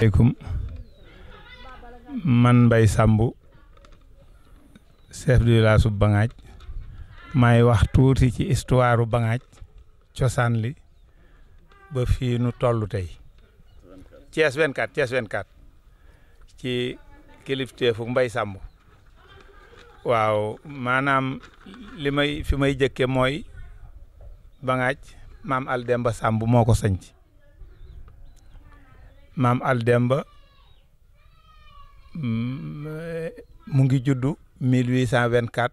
asalaamaaleykum man Mbaye Samb chef du village Bangaaj maay wax tuuti ci histoire Bangaaj cosaan li ba fii nu toll tey Thiès 24 Thiès 24 ci kilifteefu Mbaye Samb waaw maanaam li may fi may jëkke mooy Bangaaj maam Aldemba Samb moo ko sanc maam Aldemba mm, mu ngi juddu 1824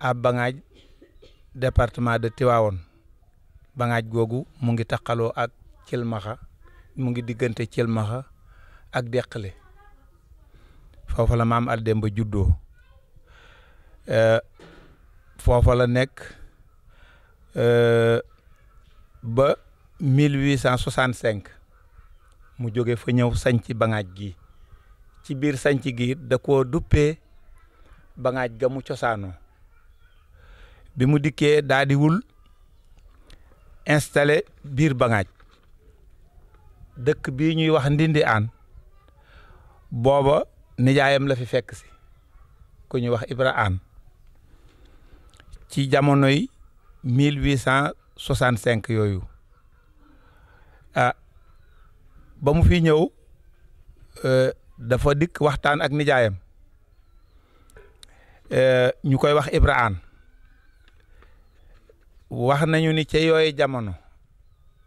à Bangaaj département de Tivaouane bagaaj googu mu ngi taqaloo ak Cilmaxa mu ngi diggante Cilmaxa ak Deqale foofa la maam Aldemba juddoo euh, foofa la nekk euh, ba 1865. mu jóge fa ñëw sanc bangaaj gi ci biir sanc gi it da koo duppee bangaaj ga mu cosaanoo bi mu dikkee daa wul installé biir bangaaj dëkk bi ñuy wax ndindi aan booba nijaayam la fi fekk si ku ñuy wax ibra aan ci jamonoy mille huit cent soixante yooyu ah ba mu fi ñëw euh, dafa dikk waxtaan ak nijaayam euh, ñu koy wax Ibrahima wax nañu ni ca yooyu jamono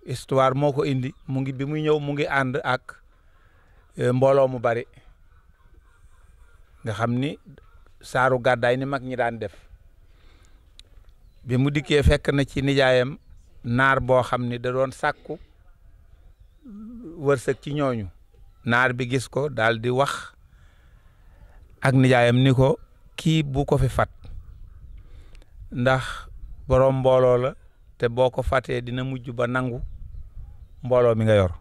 histoire moo ko indi mu ngi bi muy ñëw mu ngi ànd ak euh, mbooloo mu bari nga xam ni saaru gàddaay ni mag ñi daan def bi mu dikkee fekk na ci nijaayam naar boo xam ni da doon sàkku wërsëg ci ñooñu naar bi gis ko daal di wax ak nijaayam ni ko kii bu ko fi fat ndax boroom mbooloo la te boo ko fàttee dina mujj ba nangu mbooloo mi nga yor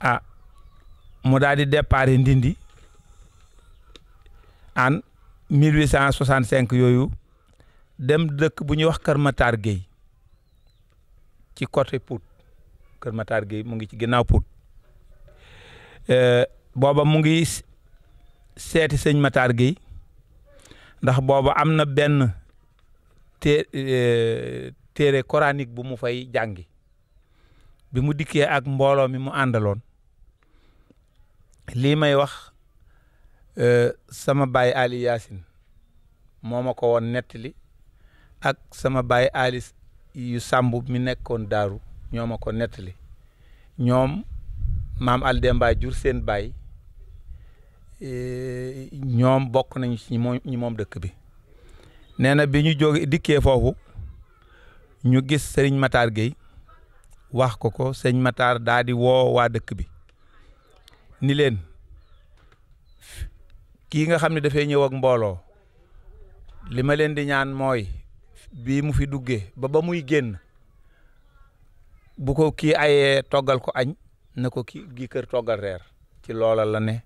ah mu daal di départ ndindi an 1865 yooyu dem dëkk bu ñuy wax Kër Matar Gueye ci côté Pout Kër Matar Gueye mu ngi ci ginnaaw Pout eh, booba mu ngi seeti sëñ Matar Gueye ndax booba am na benn té eh, téere coranique bu mu fay jàngi bi mu dikkee ak mbooloo mi mu àndaloon lii may wax eh, sama baay Ali Yaasin moo ma ko woon nettali ak sama baay Ali yu sàmb mi nekkoon daaru ñoo ma ko nettali ñoom maam Aldemba jur seen baay e, ñoom bokk nañu ci dëkk bi nee na bi ñu jóge dikkee foofu ñu gis sëriñ Matar Gueye wax ko ko sëñ Matar daa di woo waa dëkk bi ni leen kii nga xam ni dafay ñëw ak mbooloo li leen di ñaan mooy bii mu fi duggee ba ba muy génn bu ko kii ayee toggal ko añ na ko kii gi kër toggal reer ci loolal la ne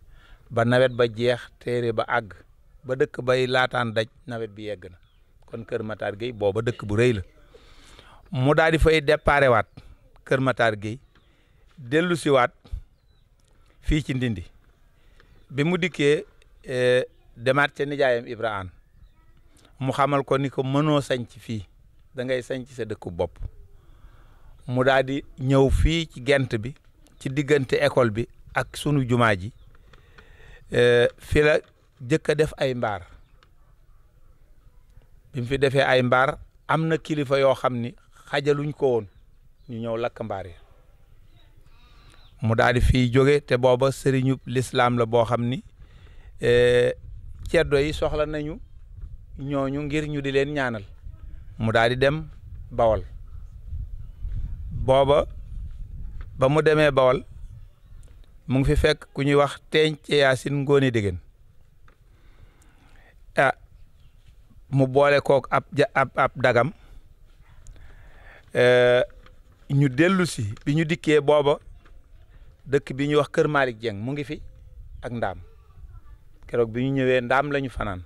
ba nawet ba jeex téere ba àgg ba dëkk bay laataan daj nawet bi yegg na kon Kër Matar Gueye ba dëkk bu rëy la mu daal di fay déparé waat Kër Matar Gueye dellu waat fii ci Ndindi bi mu dikkee e, demaat ca nijaayam Ibrahima mu xamal ko ni ko mënoo sañc fii dangay ngay sañc sa dëkku bopp mu daal ñëw fii ci gent bi ci diggante école bi ak sunu jumaa ji euh, fi la jëkk a def ay mbaar bi fi defee ay mbaar am na kilifa yoo xam ni xajaluñ ko woon ñu ñëw lakk mbaar yi mu daal di jóge te booba sëriñu lislaam la boo xam ni euh, ceddo yi soxla nañu ñooñu ngir ñu di leen ñaanal mu daal di dem bawal booba ba mu demee bawal mu ngi fi fekk ku ñuy wax teeñ ci yaasin ngoone dégén ah, mu boole kook ab ja ab dagam eh, ñu dellusi bi ñu dikkee booba dëkk bi ñuy wax Kër Malick Dieng mu ngi fi ak ndaam keroog bi ñu ñëwee ndaam lañu fanaan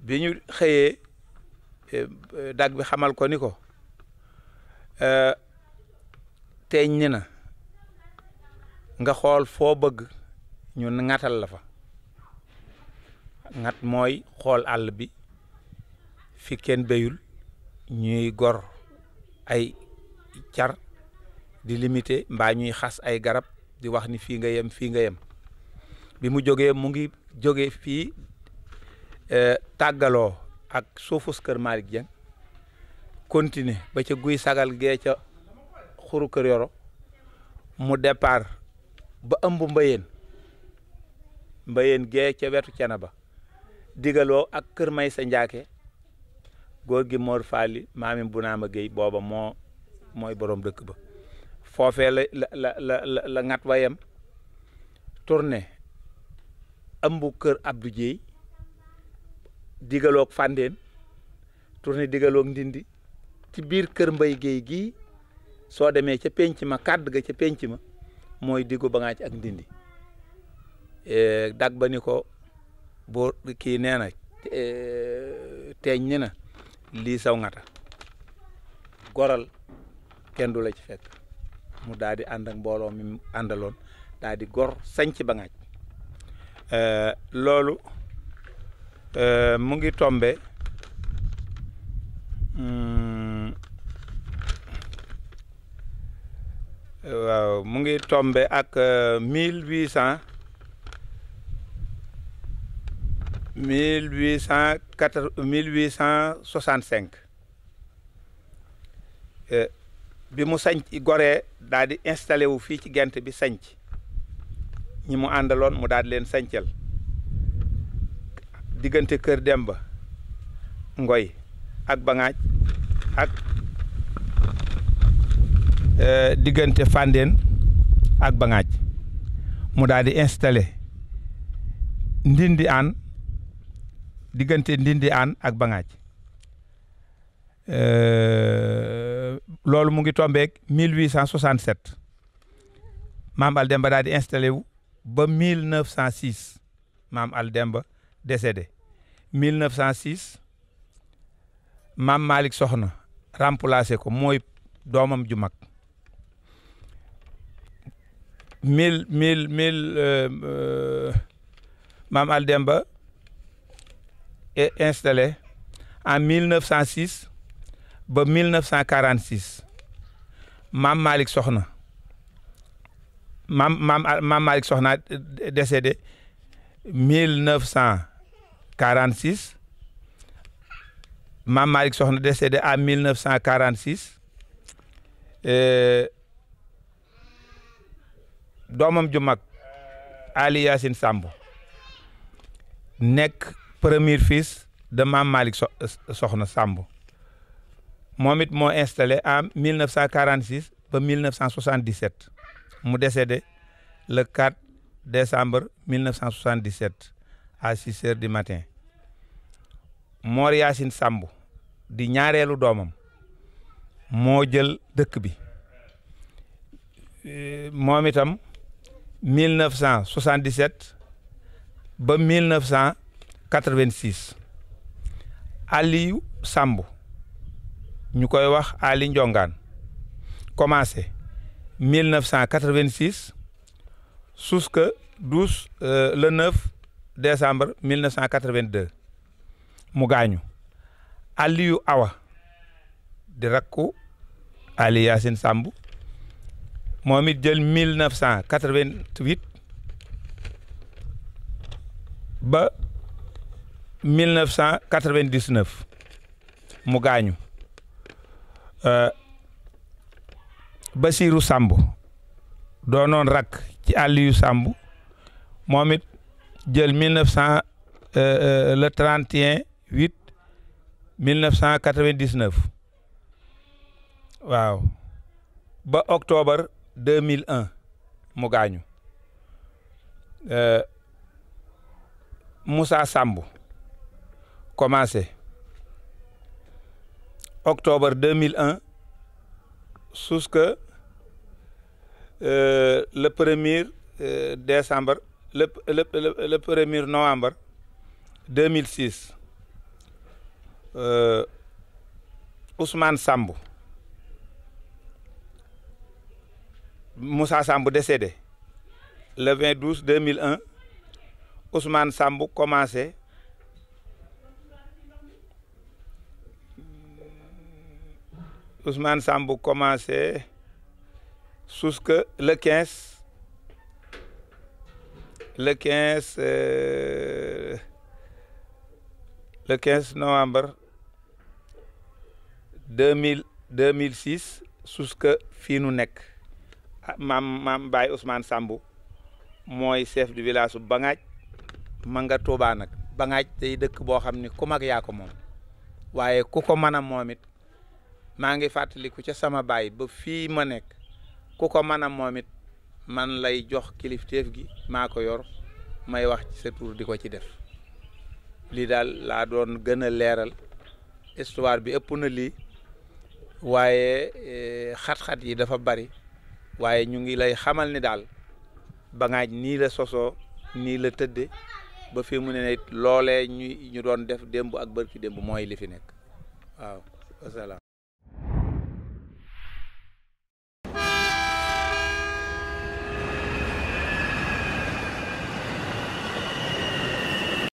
bi ñu xëyee eh, dag bi xamal ko ni ko teeñ ni na nga xool foo bëgg ñu ŋatal la fa ŋat mooy xool àll bi fi kenn beyul ñuy gor ay car di limité mbaa ñuy xas ay garab di wax ni fii nga yem fii nga yem bi mu jógee mu ngi jógee fii tàggaloo ak suufus kër Malick Dieng continé ba ca guy sagal gee ca xuru kër yoro mu départ ba ëmb mbayeen mbayeen gee ca wetu cene ba digaloo ak kër may sa njaake góor gi Mor Faali maami bu naama booba moo mooy borom dëkk ba foofee la la la la la ngat wayam tourné ëmb kër Abdou Dieye digaloog Fandeen tourné digaloog Ndindi ci biir kër mbay géey gi soo demee ca penc ma kàdd ga ca penc ma mooy diggu ba ngaa ak ndindi eh, dag ba ni ko boo kii nee na teeñ ni na lii saw ngata goral kenn du la ci fekk mu daal di ànd ak mbooloo mi àndaloon daal di gor sanc ba ngaaj eh, loolu eh, mu ngi tombe hmm, waaw mu ngi tombe ak euh, mille huit cent mille huit cent quatre mille huit cent soixante cinq euh, bi mu sañc goree daal di installé wu fii ci gent bi sañc ñi mu àndaloon mu daal di leen sañcal diggante Kër Demba Ngoy ak Bangaaj ak Euh, diggante Fandène ak Bangaaj mu daal di installé Ndindi Aan diggante Ndindi Aan ak Bangaaj euh, loolu mu ngi tombeek 1867 maam Aldemba daal di installé wu ba 1906 maam Aldemba décédé 1906 maam Malick Soxna remplacé ko mooy doomam ju mille mille mille euh, euh, Maam Aldemba est installé en 1906 ba cent 1946 Maam Malick Soxna maam maam maam Malick Soxna décédé 1946 Maam Malick Soxna décédé en 1946. doomam ju mag Ali Yacine Samb nekk premier fils de Mame Malick Soxna Samb moom it moo installé en 1946 ba 1977 mu décédé le 4 décembre 1977 à 6 heures du matin Mor Yacine Samb di ñaareelu doomam moo jël dëkk bi euh, moom mille neuf cent soixante-dix-sept ba mille neuf cent quatre-vingt-six Aliou Samb ñu koy wax Ali Ndiongaan commencé mille neuf cent quatre-vingt-six jusqu'à douze euh, le neuf décembre mille neuf cent quatre-vingt-deux mu gaañu Aliou Awa di rakku Ali Yacine Samb moom jël mille neuf cent quatre-vingt-huit ba mille neuf cent quatre-vingt-dix-neuf mu gaañu euh, Basiiru Sàmb doonoon rakk ci Aliyu Sàmb moom it jël mille neuf cent euh, euh, le trente et un huit mille neuf cent quatre ba octobre 2001 mu gaañu euh, Moussa Samb commencé octobre 2001 jusque euh, le premier euh, décembre le le le le deux mille 2006 euh, Ousmane Samb. Moussa Samb décédé le 20 mille en Ousmane Samb commencé Ousmane Samb commencé jusque le quinze le quinze 15 euh, le 15 novembre 2000 2006 jusque fii nu nekk. maam maam baay Ousmane Sambu mooy chef du village su Bangaaj ma nga Touba nag Bangaaj tey dëkk boo xam ni ku mag yaa ko moom waaye ku ko mën a moom maa ngi fàttaliku ca sama baay ba fii ma nekk ku ko mën a moom man lay jox kilifteef gi maa ko yor may wax ci sa tur di ko ci def lii daal laa doon gën a leeral histoire bi ëpp na lii waaye eh, xat-xat yi dafa bari waaye ñu ngi lay xamal ni daal Bangadj nii la soso nii la tëdde ba fi mu ne it loolee ñu ñu doon def démb ak bërki démb mooy li fi nekk waaw